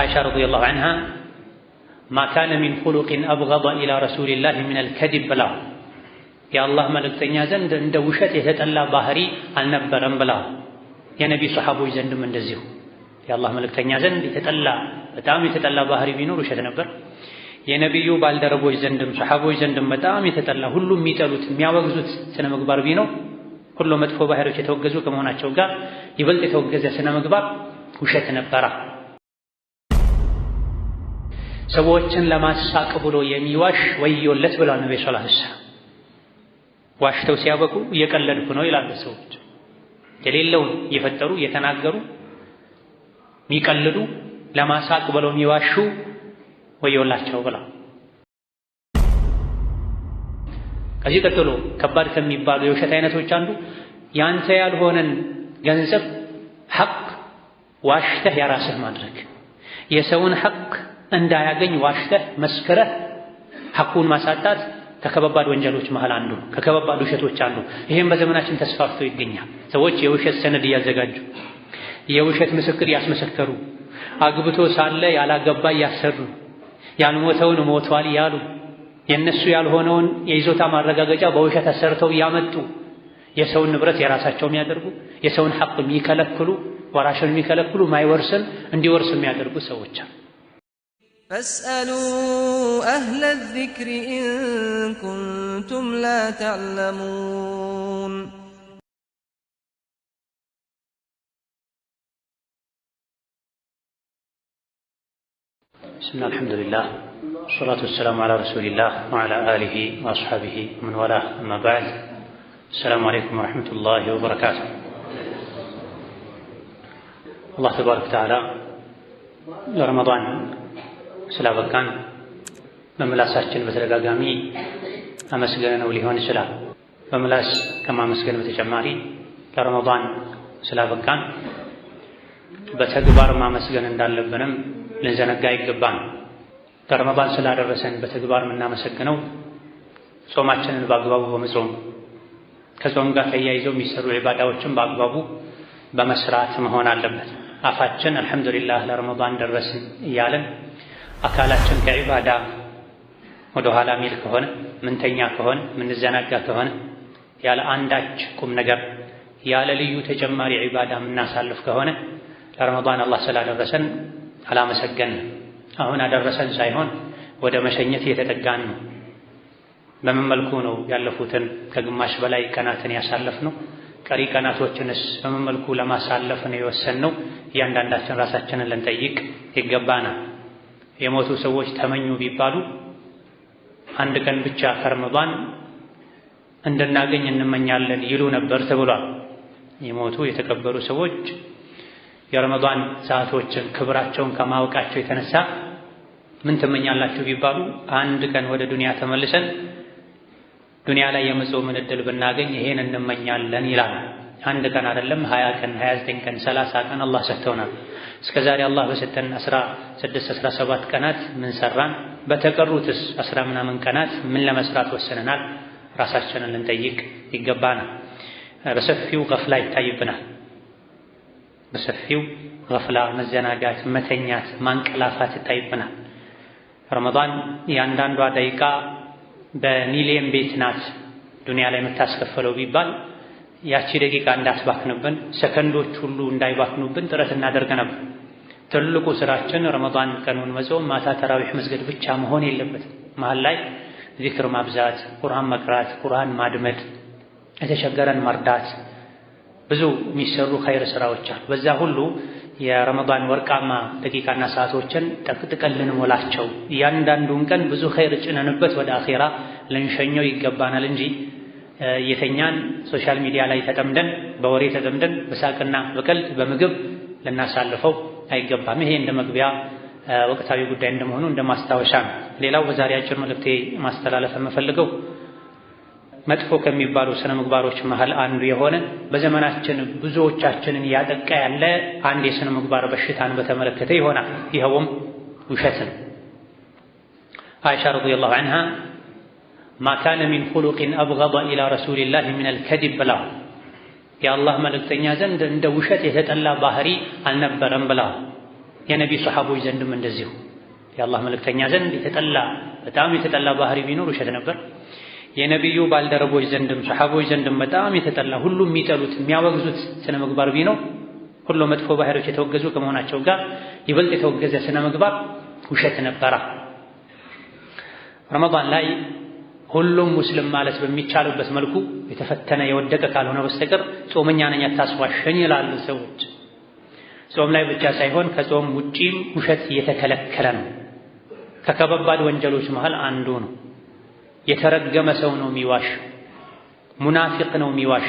አይሻ ረዲየላሁ ዐንሃ ማካነ ሚን ኹሉቅን አብገደ ኢላ ረሱሊላህ ሚነል ከዲብ ብላ የአላህ መልእክተኛ ዘንድ እንደ ውሸት የተጠላ ባህሪ አልነበረም ብላ የነቢ ሰሓቦች ዘንድም እንደዚሁ የአላህ መልእክተኛ ዘንድ የተጠላ በጣም የተጠላ ባህሪ ቢኖር ውሸት ነበር። የነቢዩ ባልደረቦች ዘንድም ሰሓቦች ዘንድም በጣም የተጠላ ሁሉም የሚጠሉት የሚያወግዙት ስነ ምግባር ቢኖር ሁሉ መጥፎ ባህሪዎች የተወገዙ ከመሆናቸው ጋር ይበልጥ የተወገዘ ስነ ምግባር ውሸት ነበራ። ሰዎችን ለማሳቅ ብሎ የሚዋሽ ወዮለት ብሏል ነብዩ ሰለላሁ ዐለይሂ ዋሽተው ሲያበቁ እየቀለድኩ ነው ይላሉ ሰዎች። የሌለውን እየፈጠሩ እየተናገሩ የሚቀልዱ ለማሳቅ ብለው የሚዋሹ ወዮላቸው ብላ ከዚህ ቀጥሎ ከባድ ከሚባሉ የውሸት አይነቶች አንዱ ያንተ ያልሆነን ገንዘብ ሐቅ ዋሽተህ የራስህ ማድረግ የሰውን ሐቅ እንዳያገኝ ዋሽተህ መስክረህ ሐቁን ማሳጣት ከከባባድ ወንጀሎች መሃል አንዱ፣ ከከባባድ ውሸቶች አንዱ። ይህም በዘመናችን ተስፋፍቶ ይገኛል። ሰዎች የውሸት ሰነድ እያዘጋጁ የውሸት ምስክር እያስመሰከሩ አግብቶ ሳለ ያላገባ እያሰሩ፣ ያልሞተውን ሞቷል ያሉ፣ የእነሱ ያልሆነውን የይዞታ ማረጋገጫ በውሸት አሰርተው እያመጡ የሰውን ንብረት የራሳቸው የሚያደርጉ የሰውን ሐቅ የሚከለክሉ ወራሽን የሚከለክሉ ማይወርስን እንዲወርስ የሚያደርጉ ሰዎች አሉ። فاسألوا أهل الذكر إن كنتم لا تعلمون بسم الله الحمد لله والصلاة والسلام على رسول الله وعلى آله وأصحابه ومن والاه أما بعد السلام عليكم ورحمة الله وبركاته الله تبارك وتعالى رمضان ስላበቃን በምላሳችን በተደጋጋሚ አመስገነው ነው ሊሆን ይችላል። በምላስ ከማመስገን በተጨማሪ ለረመዳን ስላበቃን በተግባር ማመስገን እንዳለብንም ልንዘነጋ ይገባን። ለረመዳን ስላደረሰን በተግባር የምናመሰግነው ጾማችንን በአግባቡ በመጾም ከጾም ጋር ተያይዘው የሚሰሩ ዒባዳዎችን በአግባቡ በመስራት መሆን አለበት። አፋችን አልሐምዱሊላህ ለረመዳን ደረስን እያለን አካላችን ከዒባዳ ወደ ኋላ ሚል ከሆነ ምንተኛ ከሆነ ምንዘናጋ ከሆነ ያለ አንዳች ቁም ነገር ያለ ልዩ ተጨማሪ ዒባዳ የምናሳልፍ ከሆነ ለረመዳን አላህ ስላደረሰን አላመሰገን። አሁን አደረሰን ሳይሆን ወደ መሸኘት እየተጠጋን ነው። በምን መልኩ ነው ያለፉትን ከግማሽ በላይ ቀናትን ያሳለፍ ነው ቀሪ ቀናቶችንስ በምን መልኩ ለማሳለፍ ነው ነው? እያንዳንዳችን ራሳችንን ልንጠይቅ ይገባናል። የሞቱ ሰዎች ተመኙ ቢባሉ አንድ ቀን ብቻ ከረመዳን እንድናገኝ እንመኛለን ይሉ ነበር ተብሏል። የሞቱ የተቀበሩ ሰዎች የረመዳን ሰዓቶችን ክብራቸውን ከማወቃቸው የተነሳ ምን ትመኛላችሁ ቢባሉ አንድ ቀን ወደ ዱንያ ተመልሰን ዱንያ ላይ የመጾምን እድል ብናገኝ ይሄን እንመኛለን ይላል። አንድ ቀን አይደለም 20 ቀን 29 ቀን 30 ቀን አላህ ሰጥቶናል። እስከ ዛሬ አላህ በሰጠን 16 17 ቀናት ምን ሰራን? በተቀሩትስ አስራ ምናምን ቀናት ምን ለመስራት ወሰነናል ራሳችንን ልንጠይቅ ይገባናል። በሰፊው ገፍላ ይታይብናል። በሰፊው ገፍላ፣ መዘናጋት፣ መተኛት፣ ማንቀላፋት ይታይብናል። ረመዳን የአንዳንዷ ደቂቃ በሚሊየን ቤት ናት ዱንያ ላይ የምታስከፈለው ቢባል ያቺ ደቂቃ እንዳትባክንብን ሰከንዶች ሁሉ እንዳይባክኑብን ጥረት እናደርግ ነበር። ትልቁ ስራችን ረመዳን ቀኑን መጾም፣ ማታ ተራዊሕ መስገድ ብቻ መሆን የለበትም። መሀል ላይ ዚክር ማብዛት፣ ቁርአን መቅራት፣ ቁርአን ማድመድ፣ የተቸገረን መርዳት፣ ብዙ የሚሰሩ ኸይር ስራዎች አሉ። በዛ ሁሉ የረመዳን ወርቃማ ደቂቃና ሰዓቶችን ጠቅጥቀን ልንሞላቸው፣ እያንዳንዱን ቀን ብዙ ኸይር ጭነንበት ወደ አኼራ ልንሸኘው ይገባናል እንጂ የተኛን ሶሻል ሚዲያ ላይ ተጠምደን በወሬ ተጠምደን በሳቅና በቀልድ በምግብ ልናሳልፈው አይገባም። ይሄ እንደ መግቢያ ወቅታዊ ጉዳይ እንደመሆኑ እንደ ማስታወሻ ነው። ሌላው በዛሬ አጭር መልእክቴ ማስተላለፍ የምፈልገው መጥፎ ከሚባሉ ስነ ምግባሮች መሃል አንዱ የሆነ በዘመናችን ብዙዎቻችንን እያጠቃ ያለ አንድ የስነ ምግባር በሽታን በተመለከተ ይሆናል። ይኸውም ውሸት ነው። አይሻ ረዲየላሁ አንሃ። ማካነ ሚን ኹሉቅን አብገደ ኢላ ረሱሊላህ ሚነል ከዲብ ብለዋል። የአላህ መልእክተኛ ዘንድ እንደ ውሸት የተጠላ ባህሪ አልነበረም ብለዋል። የነቢ ሰሓቦች ዘንድም እንደዚሁ የአላህ መልእክተኛ ዘንድ የተጠላ በጣም የተጠላ ባህሪ ቢኖር ውሸት ነበር። የነቢዩ ባልደረቦች ዘንድም ሰሓቦች ዘንድም በጣም የተጠላ ሁሉም የሚጠሉት የሚያወግዙት ስነ ምግባር ቢኖር ሁሉ መጥፎ ባህሪዎች የተወገዙ ከመሆናቸው ጋር ይበልጥ የተወገዘ ስነ ምግባር ውሸት ነበራ። ረመዳን ላይ ሁሉም ሙስሊም ማለት በሚቻልበት መልኩ የተፈተነ የወደቀ ካልሆነ በስተቀር ጾመኛ ነኝ አታስዋሸኝ ይላሉ ሰዎች። ጾም ላይ ብቻ ሳይሆን ከጾም ውጪም ውሸት የተከለከለ ነው። ከከባባድ ወንጀሎች መሃል አንዱ ነው። የተረገመ ሰው ነው የሚዋሽ፣ ሙናፊቅ ነው የሚዋሽ።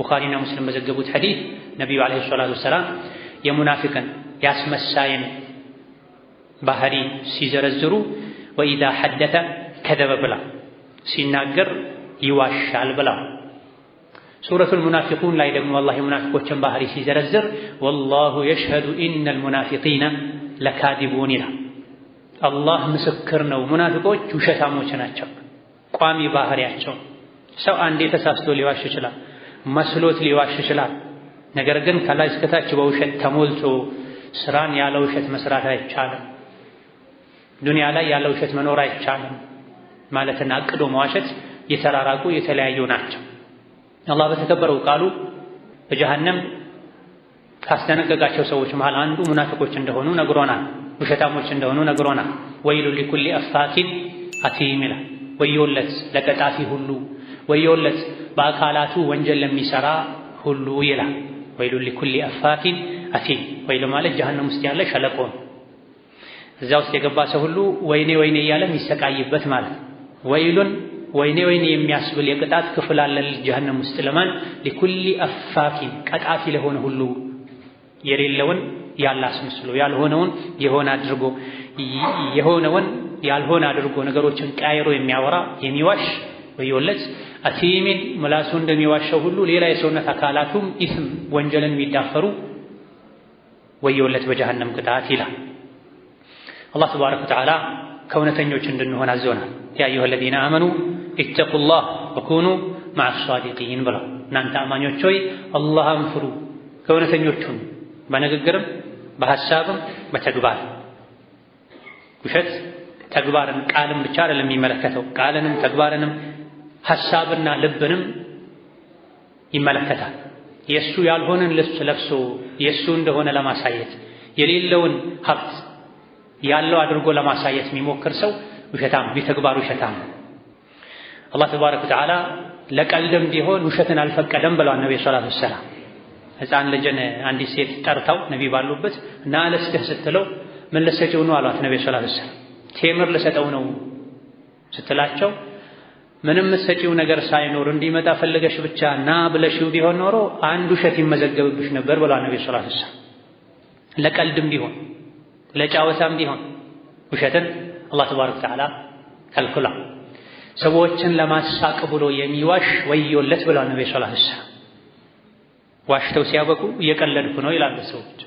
ቡኻሪና ሙስሊም በዘገቡት ሐዲስ ነቢዩ ዓለይሂ ሰላቱ ወሰላም የሙናፊቅን ያስመሳይን ባህሪ ሲዘረዝሩ ወኢዛ ሐደተ ከዘበ ብላ ሲናገር ይዋሻል ብላ ሱረቱል ሙናፊቁን ላይ ደግሞ አላህ የሙናፊቆችን ባህሪ ሲዘረዝር ወላሁ የሽሀዱ ኢነል ሙናፊቂነ ለካዲቡን ይላል። አላህ ምስክር ነው፣ ሙናፊቆች ውሸታሞች ናቸው። ቋሚ ባህሪያቸው ሰው አንዴ ተሳስቶ ሊዋሽ ይችላል፣ መስሎት ሊዋሽ ይችላል። ነገር ግን ከላይ እስከታች በውሸት ተሞልቶ ስራን ያለ ውሸት መስራት አይቻልም። ዱንያ ላይ ያለ ውሸት መኖር አይቻልም። ማለትና አቅዶ መዋሸት የተራራቁ የተለያዩ ናቸው። አላህ በተከበረው ቃሉ በጀሃነም ካስጠነቀቃቸው ሰዎች መሃል አንዱ ሙናፊቆች እንደሆኑ ነግሮናል። ውሸታሞች እንደሆኑ ነግሮናል። ወይሉ ሊኩሊ አፋኪን አቲም ይላል። ወዮለት ለቀጣፊ ሁሉ ወዮለት በአካላቱ ወንጀል ለሚሰራ ሁሉ ይላል። ወይሉ ሊኩሊ አፋኪን አቲም። ወይሉ ማለት ጀሃነም ውስጥ ያለ ሸለቆ ነው። እዛ ውስጥ የገባ ሰው ሁሉ ወይኔ ወይኔ እያለ የሚሰቃይበት ማለት ነው። ወይሉን ወይኔ ወይኔ የሚያስብል የቅጣት ክፍል አለን ጀሀነም ውስጥ ለማን ሊኩሊ አፋኪን ቀጣፊ ለሆነ ሁሉ የሌለውን ያለ አስመስሎ ያልሆነውን የሆነ አድርጎ የሆነውን ያልሆነ አድርጎ ነገሮችን ቀያይሮ የሚያወራ የሚዋሽ ወዮለት አሲሚን ምላሱ እንደሚዋሸው ሁሉ ሌላ የሰውነት አካላቱም ኢስም ወንጀልን የሚዳፈሩ ወዮለት በጀሀነም ቅጣት ይላል አላህ ተባረከ ወተዓላ ከእውነተኞች እንድንሆን አዞናል። ያ አዩሃ ለዚነ አመኑ ኢተቁላህ ወኩኑ ማዕ አሳዲቂን ብለው እናንተ አማኞች ሆይ አላህን ፍሩ፣ ከእውነተኞች በንግግርም በሐሳብም በተግባር። ውሸት ተግባርን ቃልን ብቻ አይደለም የሚመለከተው፣ ቃልንም ተግባርንም ሐሳብና ልብንም ይመለከታል። የእሱ ያልሆነን ልብስ ለብሶ የእሱ እንደሆነ ለማሳየት የሌለውን ሀብት ያለው አድርጎ ለማሳየት የሚሞክር ሰው ውሸታም፣ ቢተግባር ውሸታም። አላህ ተባረከ ወተዓላ ለቀልድም ቢሆን ውሸትን አልፈቀደም ብለዋል ነብዩ ሰለላሁ ዐለይሂ ወሰለም። ሕፃን ልጅን አንዲት ሴት ጠርተው ነቢ ባሉበት እና ልስጥህ ስትለው ምን ልሰጪው ነው አሏት ነብዩ ሰለላሁ ዐለይሂ ወሰለም። ቴምር ልሰጠው ነው ስትላቸው ምንም ምትሰጪው ነገር ሳይኖር እንዲመጣ ፈልገሽ ብቻ ና ብለሽው ቢሆን ኖሮ አንድ ውሸት ይመዘገብብሽ ነበር ብለዋል ነብዩ ሰለላሁ ዐለይሂ ወሰለም ለቀልድም ቢሆን ለጫወታም ቢሆን ውሸትን አላህ ተባረከ ወተዓላ ከልክሏል። ሰዎችን ለማሳቅ ብሎ የሚዋሽ ወዮለት ብሏል ነብዩ ሰለላሁ ሰላ። ዋሽተው ሲያበቁ እየቀለድኩ ነው ይላሉ ሰዎች።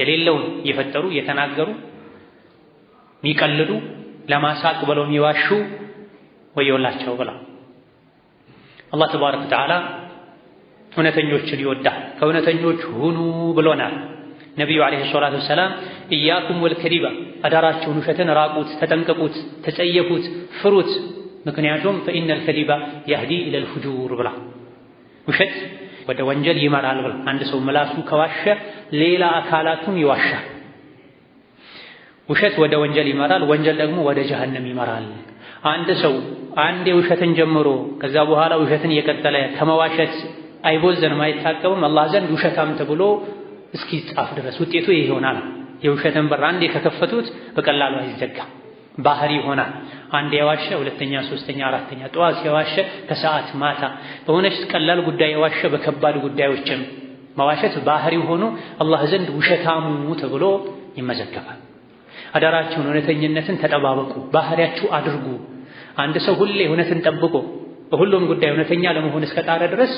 የሌለውን እየፈጠሩ እየተናገሩ የሚቀልዱ ለማሳቅ ብለው የሚዋሹ ወዮላቸው ብላ አላህ ተባረከ ወተዓላ እውነተኞችን ይወዳል። ከእውነተኞች ሁኑ ብሎናል ነቢዩ ዓለይሂ ሰላቱ ወሰላም ኢያኩም ወልከዲባ አዳራችሁን ውሸትን ራቁት፣ ተጠንቀቁት፣ ተጸየፉት፣ ፍሩት። ምክንያቱም ፈኢነል ከዲባ ያህዲ ኢለል ፉጁር ብላ ውሸት ወደ ወንጀል ይመራል ብላ አንድ ሰው ምላሱ ከዋሸ ሌላ አካላቱም ይዋሻል። ውሸት ወደ ወንጀል ይመራል፣ ወንጀል ደግሞ ወደ ጀሀነም ይመራል። አንድ ሰው አንዴ ውሸትን ጀምሮ ከዛ በኋላ ውሸትን እየቀጠለ ከመዋሸት አይቦዘንም፣ አይታቀብም። አላህ ዘንድ ውሸታም ተብሎ እስኪጻፍ ድረስ ውጤቱ ይሆናል። የውሸትን በር አንዴ ከከፈቱት በቀላሉ አይዘጋም። ባህሪ ይሆናል። አንድ የዋሸ ሁለተኛ፣ ሶስተኛ፣ አራተኛ ጠዋት የዋሸ ከሰዓት ማታ በሆነች ቀላል ጉዳይ የዋሸ በከባድ ጉዳዮችም መዋሸት ባህሪ ሆኖ አላህ ዘንድ ውሸታሙ ተብሎ ይመዘገባል። አዳራችሁን እውነተኝነትን ተጠባበቁ፣ ባህሪያችሁ አድርጉ። አንድ ሰው ሁሌ እውነትን ጠብቆ በሁሉም ጉዳይ እውነተኛ ለመሆን እስከጣረ ድረስ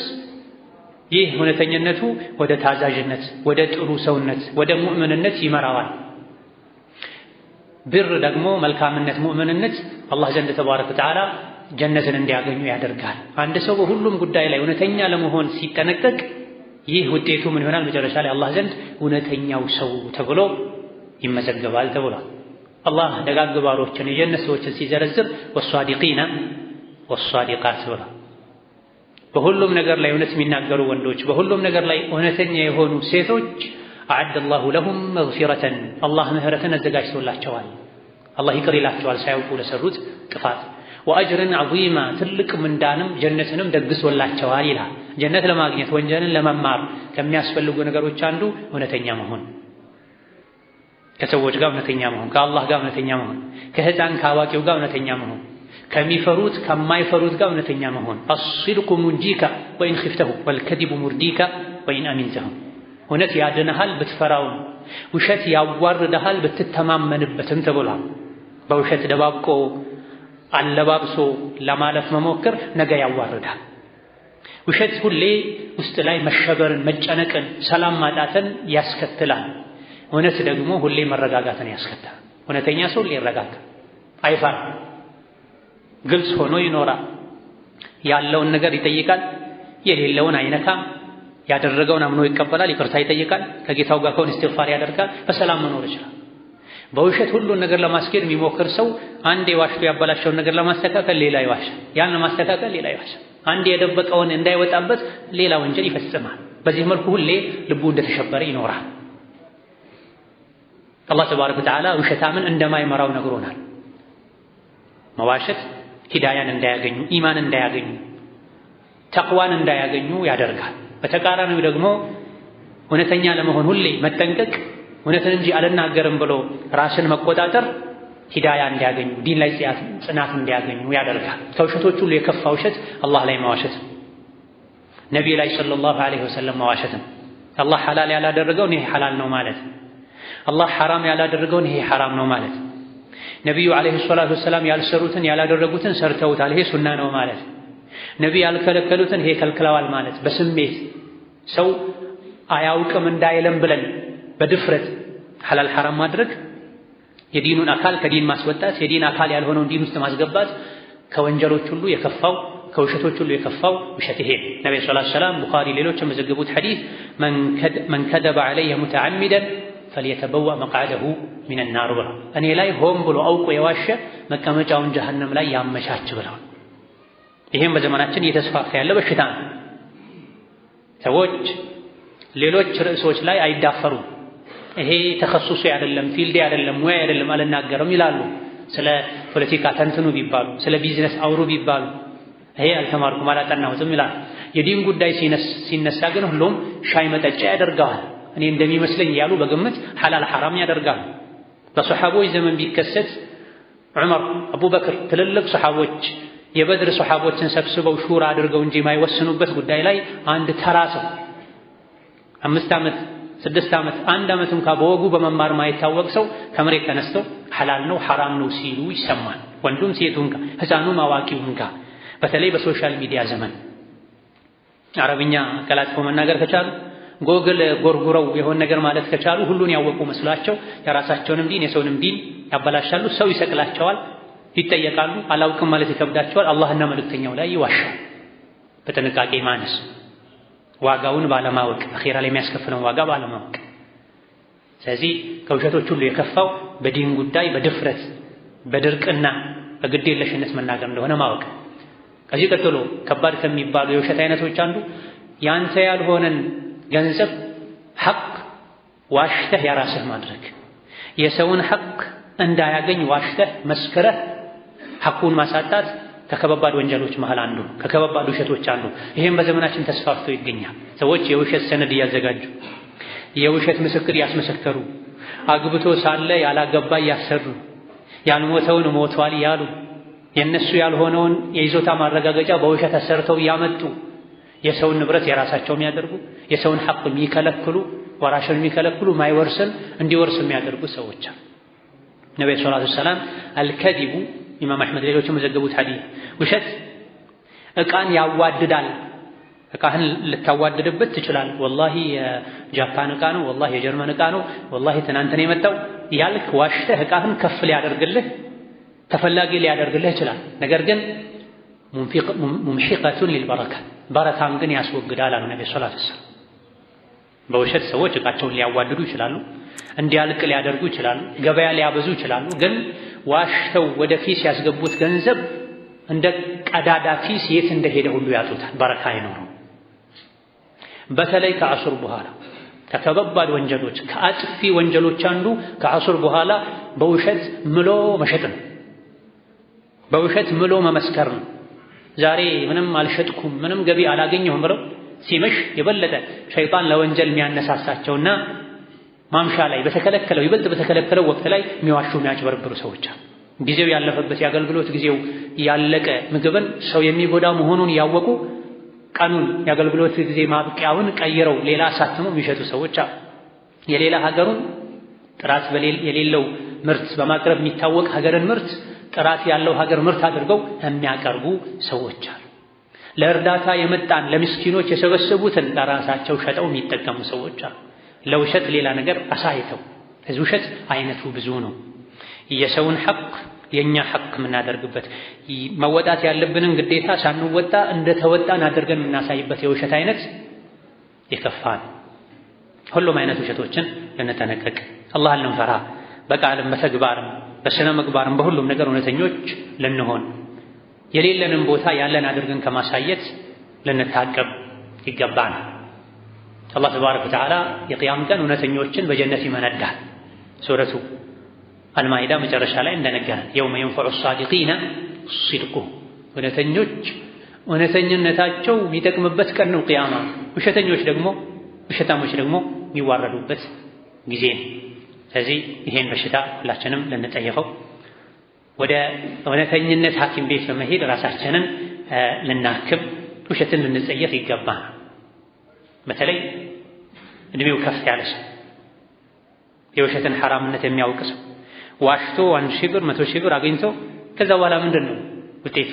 ይህ እውነተኝነቱ ወደ ታዛዥነት፣ ወደ ጥሩ ሰውነት፣ ወደ ሙእምንነት ይመራዋል። ብር ደግሞ መልካምነት፣ ሙእምንነት አላህ ዘንድ ተባረከ ወተዓላ ጀነትን እንዲያገኙ ያደርጋል። አንድ ሰው በሁሉም ጉዳይ ላይ እውነተኛ ለመሆን ሲጠነቀቅ ይህ ውጤቱ ምን ይሆናል? መጨረሻ ላይ አላህ ዘንድ እውነተኛው ሰው ተብሎ ይመዘገባል ተብሏል። አላህ ደጋግ ባሮችን የጀነት ሰዎችን ሲዘረዝር ወሷዲቂና ወሷዲቃት ብሏል። በሁሉም ነገር ላይ እውነት የሚናገሩ ወንዶች፣ በሁሉም ነገር ላይ እውነተኛ የሆኑ ሴቶች አዓደላሁ ለሁም መግፊረተን አላህ ምህረትን አዘጋጅቶላቸዋል። አላህ ይቅር ይላቸዋል ሳያውቁ ለሰሩት ጥፋት። ወአጅርን ዐዚማ ትልቅ ምንዳንም ጀነትንም ደግሶላቸዋል ይላል። ጀነት ለማግኘት ወንጀልን ለመማር ከሚያስፈልጉ ነገሮች አንዱ እውነተኛ መሆን፣ ከሰዎች ጋር እውነተኛ መሆን፣ ከአላህ ጋር እውነተኛ መሆን፣ ከህፃን ከአዋቂው ጋር እውነተኛ መሆን ከሚፈሩት ከማይፈሩት ጋር እውነተኛ መሆን አስድቁ ሙንጂካ ወይን ኺፍተሁ ወልከዲቡ ሙርዲካ ወይን አሚንተሁ እውነት ያድንሃል ብትፈራውም ውሸት ያዋርድሃል ብትተማመንበትም ተብሏል በውሸት ደባብቆ አለባብሶ ለማለፍ መሞከር ነገ ያዋርዳል ውሸት ሁሌ ውስጥ ላይ መሸበርን መጨነቅን ሰላም ማጣትን ያስከትላል እውነት ደግሞ ሁሌ መረጋጋትን ያስከትላል እውነተኛ ሰው ሊረጋጋ አይፈራ ግልጽ ሆኖ ይኖራል። ያለውን ነገር ይጠይቃል፣ የሌለውን አይነካም። ያደረገውን አምኖ ይቀበላል፣ ይቅርታ ይጠይቃል፣ ከጌታው ጋር ከሆነ እስትግፋር ያደርጋል፣ በሰላም መኖር ይችላል። በውሸት ሁሉን ነገር ለማስኬድ የሚሞክር ሰው አንዴ የዋሽቶ ያበላሸውን ነገር ለማስተካከል ሌላ ይዋሻል፣ ያን ለማስተካከል ሌላ ይዋሻል፣ አንዴ የደበቀውን እንዳይወጣበት ሌላ ወንጀል ይፈጽማል። በዚህ መልኩ ሁሌ ልቡ እንደተሸበረ ይኖራል። አላህ ተባረከ ወተዓላ ውሸታምን እንደማይመራው ነግሮናል። መዋሸት ሂዳያን እንዳያገኙ፣ ኢማን እንዳያገኙ፣ ተቅዋን እንዳያገኙ ያደርጋል። በተቃራኒው ደግሞ እውነተኛ ለመሆን ሁሌ መጠንቀቅ፣ እውነትን እንጂ አልናገርም ብሎ ራስን መቆጣጠር ሂዳያ እንዲያገኙ ዲን ላይ ጽናት እንዲያገኙ ያደርጋል። ከውሸቶች ሁሉ የከፋ ውሸት አላህ ላይ መዋሸት ነው። ላይ ሰለላሁ ዐለይሂ ወሰለም መዋሸትም አላህ ሐላል ያላደረገውን ይሄ ሐላል ነው ማለት፣ አላህ ሐራም ያላደረገውን ይሄ ሐራም ነው ማለት ነቢዩ ዓለይሂ ሰላቱ ወሰላም ያልሰሩትን ያላደረጉትን ሰርተውታል፣ ይሄ ሱና ነው ማለት። ነቢይ ያልከለከሉትን ይሄ ከልክለዋል ማለት። በስሜት ሰው አያውቅም እንዳይለም ብለን በድፍረት ሐላል ሐራም ማድረግ፣ የዲኑን አካል ከዲን ማስወጣት፣ የዲን አካል ያልሆነውን ዲን ውስጥ ማስገባት ከወንጀሎች ሁሉ የከፋው ከውሸቶች ሁሉ የከፋው ውሸት ይሄ። ነቢዩ ሰላቱ ወሰላም ቡኻሪ፣ ሌሎች የመዘገቡት ሐዲስ መን ከደበ ዐለይየ ፈልየተበዋ መቃዕደሁ ሚነናር ብለዋል። እኔ ላይ ሆን ብሎ አውቆ የዋሸ መቀመጫውን ጀሀነም ላይ ያመቻች ብለው ይህም በዘመናችን እየተስፋፋ ያለ በሽታ ነው። ሰዎች ሌሎች ርዕሶች ላይ አይዳፈሩም። ይሄ ተከሱሱ አይደለም፣ ፊልድ አይደለም፣ ሙያ አይደለም፣ አልናገርም ይላሉ። ስለ ፖለቲካ ተንትኑ ቢባሉ፣ ስለ ቢዝነስ አውሩ ቢባሉ ይሄ አልተማርኩም አላጠናሁትም ይላሉ። የዲን ጉዳይ ሲነሳ ግን ሁሉም ሻይ መጠጫ ያደርገዋል። እኔ እንደሚመስለኝ ያሉ በግምት ሐላል ሐራም ያደርጋሉ። በሰሓቦች ዘመን ቢከሰት ዑመር፣ አቡበክር ትልልቅ ሰሓቦች የበድር ሰሓቦችን ሰብስበው ሹራ አድርገው እንጂ የማይወስኑበት ጉዳይ ላይ አንድ ተራ ሰው አምስት ዓመት ስድስት ዓመት አንድ ዓመት እንኳ በወጉ በመማር ማይታወቅ ሰው ከመሬት ተነስተው ሐላል ነው ሐራም ነው ሲሉ ይሰማል። ወንዱም ሴቱም ጋር ሕፃኑም አዋቂውም በተለይ በሶሻል ሚዲያ ዘመን አረብኛ ቀላጥፎ መናገር ከቻሉ ጎግል ጎርጉረው የሆን ነገር ማለት ከቻሉ ሁሉን ያወቁ መስሏቸው የራሳቸውንም ዲን የሰውንም ዲን ያበላሻሉ። ሰው ይሰቅላቸዋል፣ ይጠየቃሉ። አላውቅም ማለት ይከብዳቸዋል። አላህና መልእክተኛው ላይ ይዋሻል። በጥንቃቄ ማነስ፣ ዋጋውን ባለማወቅ፣ አኼራ ላይ የሚያስከፍለውን ዋጋ ባለማወቅ። ስለዚህ ከውሸቶች ሁሉ የከፋው በዲን ጉዳይ በድፍረት በድርቅና በግዴለሽነት መናገር እንደሆነ ማወቅ። ከዚህ ቀጥሎ ከባድ ከሚባሉ የውሸት አይነቶች አንዱ ያንተ ያልሆነን ገንዘብ ሐቅ ዋሽተህ የራስህ ማድረግ የሰውን ሐቅ እንዳያገኝ ዋሽተህ መስክረህ ሐቁን ማሳጣት ከከባባድ ወንጀሎች መሃል አንዱ ከከባባድ ውሸቶች አንዱ። ይህም በዘመናችን ተስፋፍቶ ይገኛል። ሰዎች የውሸት ሰነድ እያዘጋጁ የውሸት ምስክር እያስመሰከሩ አግብቶ ሳለ ያላገባ እያሰሩ፣ ያልሞተውን ሞቷል ያሉ፣ የእነሱ ያልሆነውን የይዞታ ማረጋገጫ በውሸት አሰርተው እያመጡ የሰውን ንብረት የራሳቸው የሚያደርጉ የሰውን ሐቅ የሚከለክሉ ወራሽን የሚከለክሉ ማይወርስን እንዲወርስ የሚያደርጉ ሰዎች አሉ። ነብዩ ሰለላሁ ዐለይሂ ወሰለም አልከዲቡ ኢማም አህመድ ሌሎችም የዘገቡት ሐዲስ ውሸት እቃን ያዋድዳል። ዕቃህን ልታዋድድበት ትችላል። ወላሂ የጃፓን እቃ ነው፣ ወላሂ የጀርመን እቃ ነው፣ ወላሂ ትናንትን የመጣው ያልክ ዋሽተህ ዕቃህን ከፍ ሊያደርግልህ ተፈላጊ ሊያደርግልህ ይችላል። ነገር ግን ሙምሒቀቱን ሊልበረካ በረታን ግን ያስወግዳል አሉ ነቢ ሰለላሁ ዐለይሂ ወሰለም። በውሸት ሰዎች እቃቸውን ሊያዋድዱ ይችላሉ፣ እንዲያልቅ ሊያደርጉ ይችላሉ፣ ገበያ ሊያበዙ ይችላሉ። ግን ዋሽተው ወደ ፊስ ያስገቡት ገንዘብ እንደ ቀዳዳ ፊስ የት እንደሄደ ሁሉ ያጡታል፣ በረካ አይኖረው። በተለይ ከአሱር በኋላ ከከባድ ወንጀሎች ከአጥፊ ወንጀሎች አንዱ ከአሱር በኋላ በውሸት ምሎ መሸጥ ነው፣ በውሸት ምሎ መመስከር ነው። ዛሬ ምንም አልሸጥኩም፣ ምንም ገቢ አላገኘሁም ብለው ሲመሽ የበለጠ ሸይጣን ለወንጀል የሚያነሳሳቸውና ማምሻ ላይ በተከለከለው ይበልጥ በተከለከለው ወቅት ላይ የሚዋሹ የሚያጭበርብሩ ሰዎች አሉ። ጊዜው ያለፈበት የአገልግሎት ጊዜው ያለቀ ምግብን ሰው የሚጎዳ መሆኑን ያወቁ ቀኑን የአገልግሎት ጊዜ ማብቂያውን ቀይረው ሌላ አሳትመው የሚሸጡ ሰዎች አሉ። የሌላ ሀገሩን ጥራት የሌለው ምርት በማቅረብ የሚታወቅ ሀገርን ምርት ጥራት ያለው ሀገር ምርት አድርገው የሚያቀርቡ ሰዎች አሉ። ለእርዳታ የመጣን ለምስኪኖች የሰበሰቡትን ለራሳቸው ሸጠው የሚጠቀሙ ሰዎች አሉ። ለውሸት ሌላ ነገር አሳይተው እዚህ ውሸት አይነቱ ብዙ ነው። የሰውን ሐቅ የእኛ ሐቅ የምናደርግበት መወጣት ያለብንን ግዴታ ሳንወጣ እንደተወጣን አድርገን የምናሳይበት የውሸት አይነት የከፋ ነው። ሁሉም አይነት ውሸቶችን ልንጠነቀቅ አላህን ልንፈራ በቃልም በተግባርም በሥነ ምግባርም በሁሉም ነገር እውነተኞች ልንሆን የሌለንም ቦታ ያለን አድርገን ከማሳየት ልንታቀብ ይገባል። አላህ ተባረከ ወተዓላ የቅያም ቀን እውነተኞችን በጀነት ይመነዳል። ሱረቱ አልማይዳ መጨረሻ ላይ እንደነገረን የውመ የንፈዑ ሳዲቂነ ሲድቁ እውነተኞች እውነተኝነታቸው የሚጠቅምበት ቀን ነው ቅያማ። ውሸተኞች ደግሞ ውሸታሞች ደግሞ የሚዋረዱበት ጊዜ ነው። ስለዚህ ይሄን በሽታ ሁላችንም ልንጠይቀው፣ ወደ እውነተኝነት ሐኪም ቤት በመሄድ ራሳችንን ልናክም፣ ውሸትን ልንጸየፍ ይገባ። በተለይ እድሜው ከፍ ያለ ሰው የውሸትን ሐራምነት የሚያውቅ ሰው ዋሽቶ አንድ ሺህ ብር መቶ ሺህ ብር አግኝቶ ከዛ በኋላ ምንድን ነው ውጤቱ?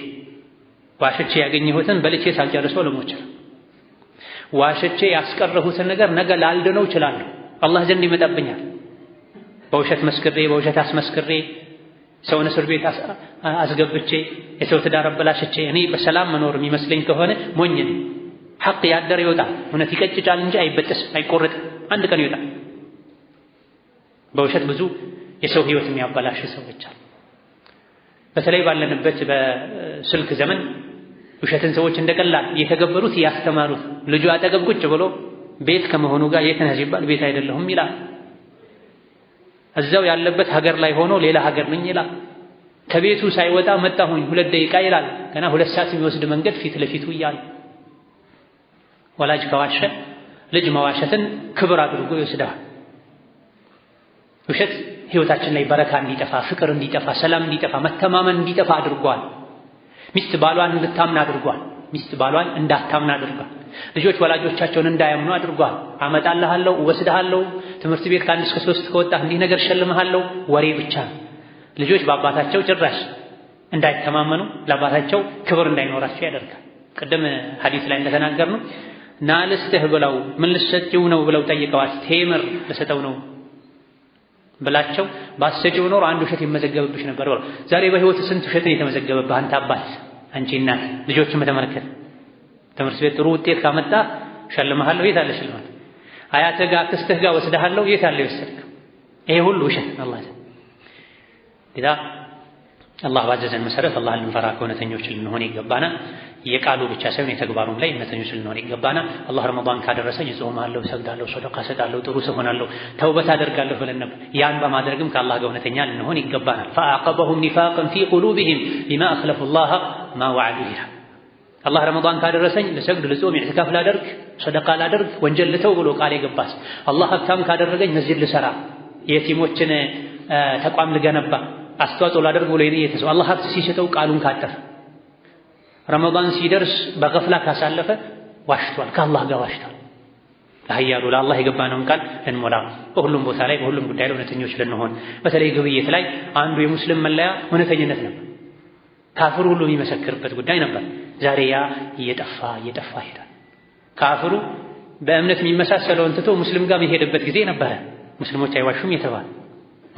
ዋሽቼ ያገኘሁትን በልቼ ሳልጨርሰው ልሞቻለሁ። ዋሽቼ ያስቀረሁትን ነገር ነገ ላልድነው እችላለሁ፣ አላህ ዘንድ ይመጣብኛል። በውሸት መስክሬ በውሸት አስመስክሬ ሰውን እስር ቤት አስገብቼ የሰው ትዳር አበላሽቼ እኔ በሰላም መኖር የሚመስለኝ ከሆነ ሞኝ ነኝ። ሐቅ ያደር ይወጣል። እውነት ይቀጭጫል እንጂ አይበጠስም፣ አይቆርጥም። አንድ ቀን ይወጣ በውሸት ብዙ የሰው ህይወት የሚያበላሽ ሰዎች አሉ። በተለይ ባለንበት በስልክ ዘመን ውሸትን ሰዎች እንደቀላል እየተገበሩት እያስተማሩት ልጁ አጠገብ ቁጭ ብሎ ቤት ከመሆኑ ጋር የት ነህ ሲባል ቤት አይደለሁም ይላል። እዛው ያለበት ሀገር ላይ ሆኖ ሌላ ሀገር ነኝ ይላል። ከቤቱ ሳይወጣ መጣሁኝ ሁለት ደቂቃ ይላል። ገና ሁለት ሰዓት የሚወስድ መንገድ ፊት ለፊቱ እያለ ወላጅ ከዋሸ ልጅ መዋሸትን ክብር አድርጎ ይወስደዋል። ውሸት ህይወታችን ላይ በረካ እንዲጠፋ፣ ፍቅር እንዲጠፋ፣ ሰላም እንዲጠፋ፣ መተማመን እንዲጠፋ አድርጓል። ሚስት ባሏን እንድታምን አድርጓል። ሚስት ባሏን እንዳታምን አድርጓል። ልጆች ወላጆቻቸውን እንዳያምኑ አድርጓል። አመጣልሃለሁ፣ እወስድሃለሁ፣ ትምህርት ቤት ከአንድ እስከ ሶስት ከወጣ እንዲህ ነገር እሸልምሃለሁ፣ ወሬ ብቻ ልጆች በአባታቸው ጭራሽ እንዳይተማመኑ ለአባታቸው ክብር እንዳይኖራቸው ያደርጋል። ቅድም ሐዲስ ላይ እንደተናገርነው ናልስትህ ብለው ምን ልሰጪው ነው ብለው ጠይቀዋት ቴምር ልሰጠው ነው ብላቸው ባሰጪው ኖሮ አንድ ውሸት ይመዘገብብሽ ነበር ብለው ዛሬ በህይወት ስንት ውሸትን የተመዘገበብህ አንተ አባት አንቺ እናት ልጆችን በተመለከተ ትምህርት ቤት ጥሩ ውጤት ካመጣ ሸልመሃለሁ። የት አለ ሽልማት? አያትህ ጋር አክስትህ ጋር ወስደሃለሁ። የት አለ ይወሰድክ? ይሄ ሁሉ ውሸት አላህ ጌታ አላህ ባዘዘን መሰረት አላህን ልንፈራ ከእውነተኞች ልንሆን ይገባና የቃሉ ብቻ ሳይሆን የተግባሩም ላይ እውነተኞች ልንሆን ይገባና አላህ ረመዳን ካደረሰኝ እጾማለሁ፣ ሰግዳለሁ፣ ሰደቃ እሰጣለሁ፣ ጥሩ ሰው ሆናለሁ፣ ተውበት አደርጋለሁ ብለን ነበር። ያን በማድረግም ከአላህ ጋር እውነተኛ ልንሆን ይገባናል። ፈአቀበሁም ኒፋቅን ፊ ቁሉብህም ሊማ አኽለፉ ማ ዋዕዱ ይላል። አላህ ረመዳን ካደረሰኝ ልሰግድ፣ ልጾም፣ ኢዕትካፍ ላደርግ፣ ሰደቃ ላደርግ፣ ወንጀል ልተው ብሎ ቃል የገባስ አላህ ሀብታም ካደረገኝ መስጂድ ልሰራ፣ የቲሞችን ተቋም ልገነባ አስተዋጽኦ ላደርግ ብሎ የነየተ ሰው አላህ ሀብት ሲሰጠው ቃሉን ካጠፈ ረመዳን ሲደርስ በከፍላ ካሳለፈ ዋሽቷል፣ ከአላህ ጋር ዋሽቷል። ለሀያሉ ለአላህ የገባነውን ቃል እንሞላ። በሁሉም ቦታ ላይ በሁሉም ጉዳይ ላይ እውነተኞች ልንሆን። በተለይ ግብይት ላይ አንዱ የሙስሊም መለያ እውነተኝነት ነበር። ካፍሩ ሁሉ የሚመሰክርበት ጉዳይ ነበር። ዛሬ ያ እየጠፋ እየጠፋ ይሄዳል። ካፍሩ በእምነት የሚመሳሰለውን ትቶ ሙስሊም ጋር የሚሄድበት ጊዜ ነበረ። ሙስሊሞች አይዋሹም የተባለ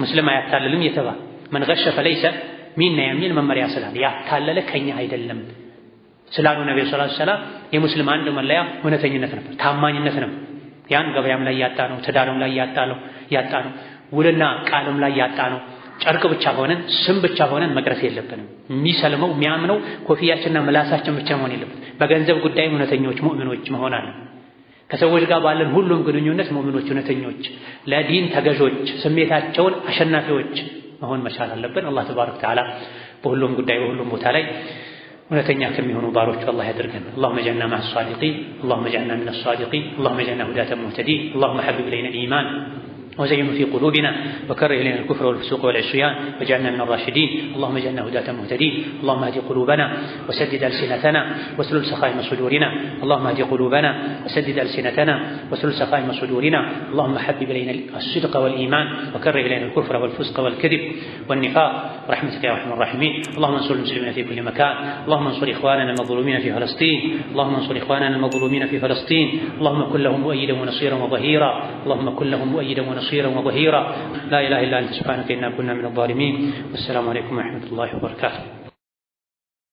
ሙስሊም አያታልልም የተባለ መንገሸ ፈለይሰ ሚና የሚል መመሪያ ስላለ ያታለለ ከኛ አይደለም ስላሉ ነቢ ሰለላሁ ዐለይሂ የሙስሊም አንዱ መለያ እውነተኝነት ነበር፣ ታማኝነት ነበር። ያን ገበያም ላይ ያጣ ነው፣ ትዳርም ላይ ያጣ ነው ያጣ ነው፣ ውልና ቃልም ላይ ያጣ ነው። ጨርቅ ብቻ ሆነን ስም ብቻ ሆነን መቅረት የለብንም። የሚሰልመው የሚያምነው ኮፍያችንና ምላሳችን ብቻ መሆን የለብን። በገንዘብ ጉዳይ እውነተኞች ሙእሚኖች መሆን አለ። ከሰዎች ጋር ባለን ሁሉም ግንኙነት ሙእሚኖች፣ እውነተኞች፣ ለዲን ተገዦች፣ ስሜታቸውን አሸናፊዎች መሆን መቻል አለብን። አላህ ተባረከ ወተዓላ በሁሉም ጉዳይ በሁሉም ቦታ ላይ እውነተኛ ከሚሆኑ ባሮቹ አላህ ያድርገን። اللهم اجعلنا مع الصادقين اللهم اجعلنا من الصادقين اللهم اجعلنا هداة مهتدين اللهم حبب إلينا الإيمان وزين في قلوبنا وكره إلينا الكفر والفسوق والعصيان واجعلنا من الراشدين اللهم اجعلنا هداة مهتدين اللهم اهد قلوبنا وسدد ألسنتنا وسلل سخائم صدورنا اللهم اهد قلوبنا وسدد ألسنتنا وسلل سخائم صدورنا اللهم حبب إلينا الصدق والإيمان وكره إلينا الكفر والفسق والكذب والنفاق برحمتك يا أرحم الراحمين اللهم انصر المسلمين في كل مكان اللهم انصر إخواننا المظلومين في فلسطين اللهم انصر إخواننا المظلومين في فلسطين اللهم كن لهم مؤيدا ونصيرا وظهيرا اللهم كن لهم مؤيدا ونصيرا وظهيرا لا إله إلا أنت سبحانك إنا كنا من الظالمين والسلام عليكم ورحمة الله وبركاته